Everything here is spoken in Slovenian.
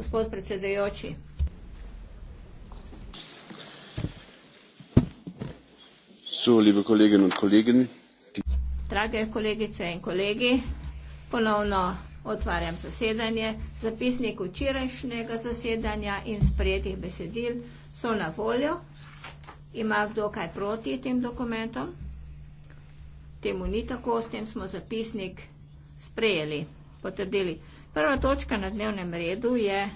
Gospod predsedujoči. Drage kolegice in kolegi, ponovno otvarjam zasedanje. Zapisnik včerajšnjega zasedanja in sprejetih besedil so na voljo. Ima kdo kaj proti tem dokumentom? Temu ni tako, s tem smo zapisnik sprejeli, potrdili. Prva točka na dnevnem redu je